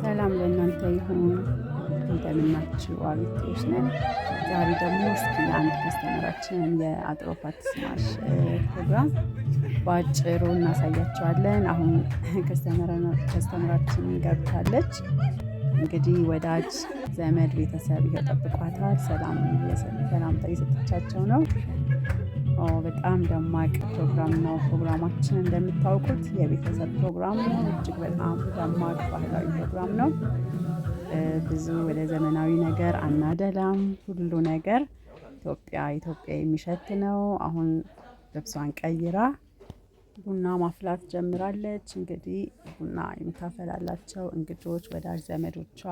ሰላም ለእናንተ ይሁን። እንደምናችሁ አቤቴዎች ነን። ዛሬ ደግሞ እስኪ አንድ ከስተመራችንን የአጥሮፋት ስማሽ ፕሮግራም በአጭሩ እናሳያቸዋለን። አሁን ከስተመራችን ገብታለች። እንግዲህ ወዳጅ ዘመድ ቤተሰብ ይጠብቋታል። ሰላም ሰላምታ እየሰጠቻቸው ነው። በጣም ደማቅ ፕሮግራም ነው። ፕሮግራማችን እንደምታውቁት የቤተሰብ ፕሮግራም ነው። እጅግ በጣም ደማቅ ባህላዊ ፕሮግራም ነው። ብዙ ወደ ዘመናዊ ነገር አናደላም። ሁሉ ነገር ኢትዮጵያ ኢትዮጵያ የሚሸት ነው። አሁን ልብሷን ቀይራ ቡና ማፍላት ጀምራለች። እንግዲህ ቡና የምታፈላላቸው እንግዶች፣ ወዳጅ ዘመዶቿ፣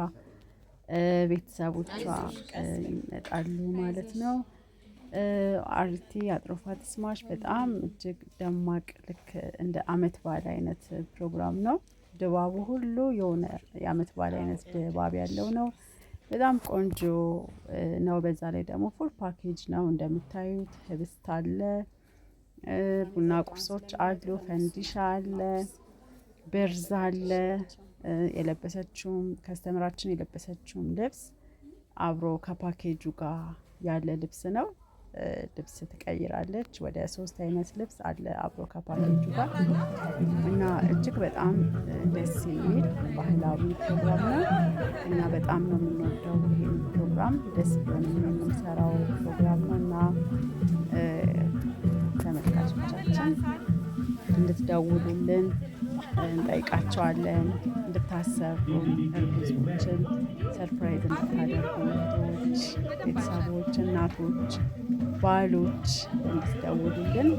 ቤተሰቦቿ ይመጣሉ ማለት ነው። አርቲ አጥሮፋት ስማሽ በጣም እጅግ ደማቅ ልክ እንደ አመት በዓል አይነት ፕሮግራም ነው። ድባቡ ሁሉ የሆነ የአመት በዓል አይነት ድባብ ያለው ነው። በጣም ቆንጆ ነው። በዛ ላይ ደግሞ ፉል ፓኬጅ ነው እንደምታዩት ህብስት አለ፣ ቡና ቁርሶች አሉ፣ ፈንዲሻ አለ፣ በርዝ አለ። የለበሰችውም ከስተምራችን የለበሰችውም ልብስ አብሮ ከፓኬጁ ጋር ያለ ልብስ ነው። ልብስ ትቀይራለች። ወደ ሶስት አይነት ልብስ አለ አብሮ ከፓኬጁ ጋር እና እጅግ በጣም ደስ የሚል ባህላዊ ፕሮግራም ነው እና በጣም ነው የምንወደው ይህም ፕሮግራም። ደስ ብሎን የምንሰራው ፕሮግራም ነው እና ተመልካቾቻችን እንድትደውሉልን እንጠይቃቸዋለን። እንድታሰቡ እርጉዞችን ሰርፕራይዝ እንድታደርጉ እህቶች፣ ቤተሰቦች፣ እናቶች፣ ባሎች እንድትደውሉልን።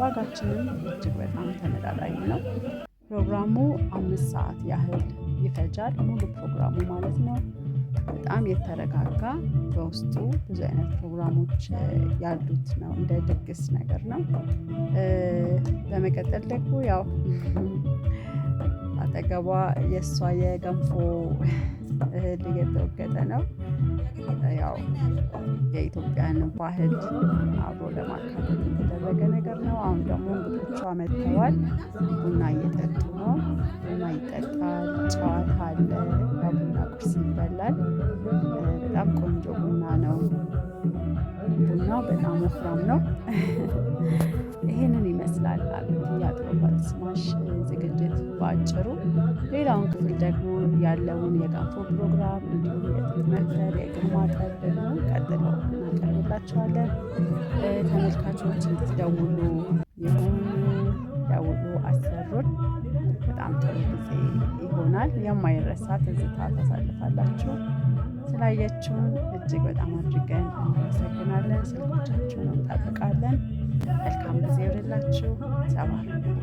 ዋጋችንም እጅግ በጣም ተመጣጣኝ ነው። ፕሮግራሙ አምስት ሰዓት ያህል ይፈጃል። ሙሉ ፕሮግራሙ ማለት ነው። በጣም የተረጋጋ በውስጡ ብዙ አይነት ፕሮግራሞች ያሉት ነው። እንደ ድግስ ነገር ነው። በመቀጠል ደግሞ ያው አጠገቧ የእሷ የገንፎ እህል እየተወገጠ ነው። ያው የኢትዮጵያን ባህል አብሮ ለማካፈል የተደረገ ነገር ነው። አሁን ደግሞ እንግዶቿ መጥተዋል። ቡና እየጠጡ ነው። ቡና ይጠጣል፣ ጨዋታ አለ፣ ቡና ቁርስ ይበላል። በጣም ቆንጆ ቡና ነው። ቡናው በጣም ወፍራም ነው። ይሄን ይመስላል የአቅርቦት ስማሽ ዝግጅት በአጭሩ። ሌላውን ክፍል ደግሞ ያለውን የጋፎ ፕሮግራም እንዲሁም የጥጥ መፍተር፣ የእግር ማጠብ ደግሞ ቀጥሎ እናቀርብላቸዋለን። ተመልካቾች ደውሉ ይሁን ደውሉ አሰሩን። በጣም ጥሩ ጊዜ ይሆናል። የማይረሳ ትዝታ ታሳልፋላችሁ። ስላየችውን እጅግ በጣም አድርገን እናመሰግናለን። ነው 加吧。